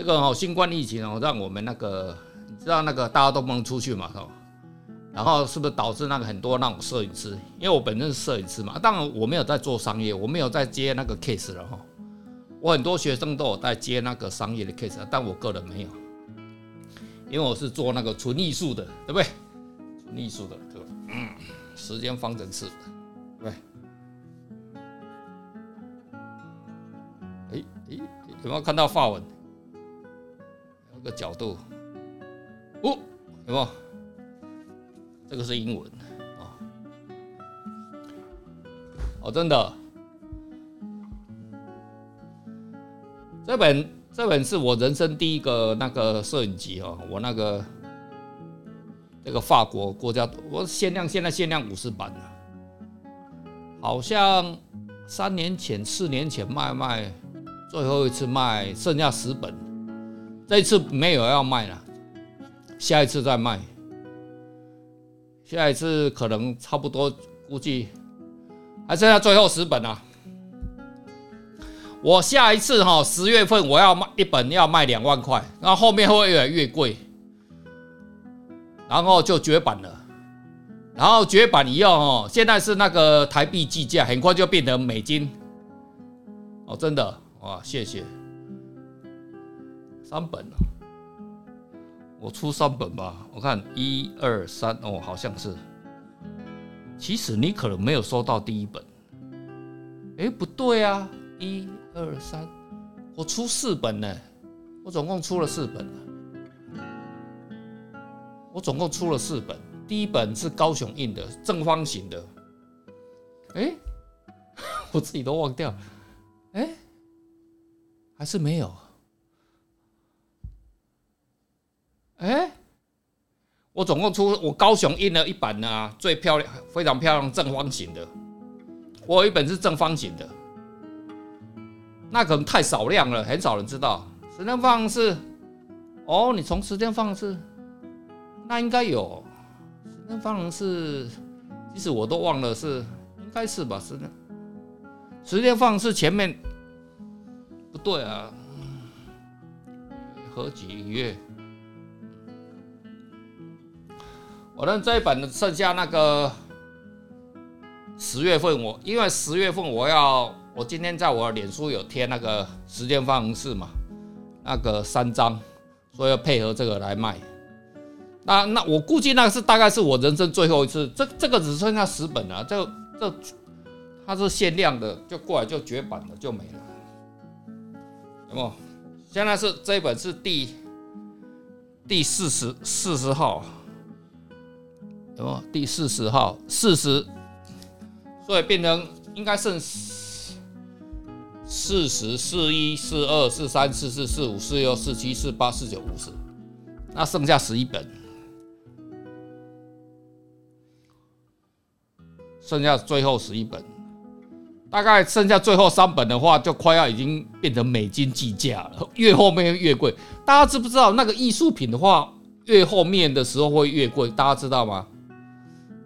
這個哦，新冠疫情哦，讓我們那個你知道那個大家都不能出去嘛，然後是不是導致那個很多那種攝影師？因為我本身是攝影師嘛，當然我沒有在做商業，我沒有在接那個 case 了哈、哦。我很多學生都有在接那個商業的 case，但我個人沒有，因為我是做那個純藝術的，對不對？純藝術的，對吧？嗯，時間方程式，對不對？哎哎，有沒有看到發文？這個角度，哦，有沒有？這個是英文，哦，哦，真的。這本這本是我人生第一個那個攝影集哦，我那個那、這個法國國家，我限量現在限量五十本，好像三年前、四年前賣賣，最後一次賣，剩下十本。這一次沒有要賣了，下一次再賣。下一次可能差不多，估計還剩下最後十本啊。我下一次哈，十月份我要賣一本，要賣兩萬塊，那後，後面會越來越貴，然後就絕版了。然後絕版一樣哦，現在是那個台幣計價，很快就變成美金。哦，真的哇，謝謝。三本、啊，我出三本吧。我看一二三，哦，好像是。其實你可能沒有收到第一本。哎，不對啊，一二三，我出四本呢、欸。我總共出了四本。我總共出了四本。第一本是高雄印的正方形的。哎，我自己都忘掉。哎，還是沒有。哎、欸，我總共出，我高雄印了一版呢、啊，最漂亮，非常漂亮正方形的。我有一本是正方形的，那可能太少量了，很少人知道。時間方式，哦，你從時間方式，那應該有時間方式，其實我都忘了是，應該是吧？是的，時間方式前面不對啊，何其月。反正這一本剩下那個十月份我，我因為十月份我要，我今天在我臉書有貼那個時間方程式嘛，那個三張，所以要配合這個來賣。那那我估計那是大概是我人生最後一次，這這個只剩下十本了，啊，這這它是限量的，就過來就絕版了，就沒了。麼現在是這一本是第第四十四十號。哦，第四十號，四十，所以變成應該剩四十、四一、四二、四三、四四、四五、四六、四七、四八、四九、五十，那剩下十一本，剩下最後十一本，大概剩下最後三本的話，就快要已經變成美金計價了，越後面越貴。大家知不知道那個藝術品的話，越後面的時候會越貴？大家知道嗎？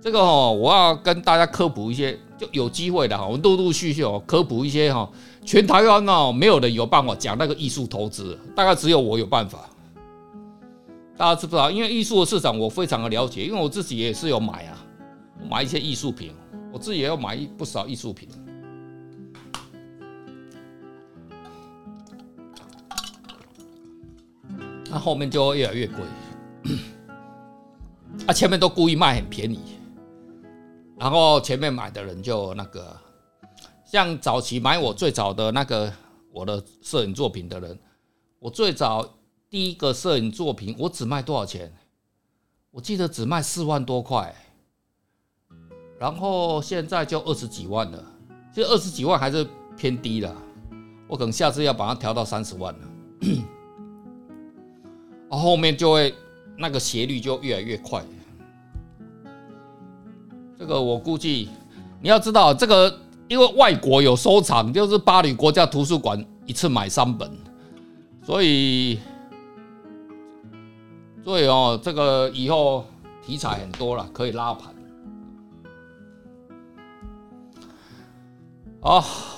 這個哈、哦，我要跟大家科普一些，就有機會的哈，我陸陸續續哦科普一些哈、哦，全台灣哦沒有人有辦法講那個藝術投資，大概只有我有辦法。大家知不知道？因為藝術的市場我非常的了解，因為我自己也是有買啊，我買一些藝術品，我自己也有買一不少藝術品。那、啊、後面就越來越貴，啊，前面都故意賣很便宜。然後前面買的人就那個，像早期買我最早的那個我的攝影作品的人，我最早第一個攝影作品我只賣多少錢？我記得只賣四萬多塊，然後現在就二十幾萬了，這二十幾萬還是偏低了，我可能下次要把它調到三十萬了，後面就會那個斜率就越來越快。這個我估計，你要知道這個，因為外國有收藏，就是巴黎國家圖書館一次買三本，所以，所以哦，這個以後題材很多了，可以拉盤，好。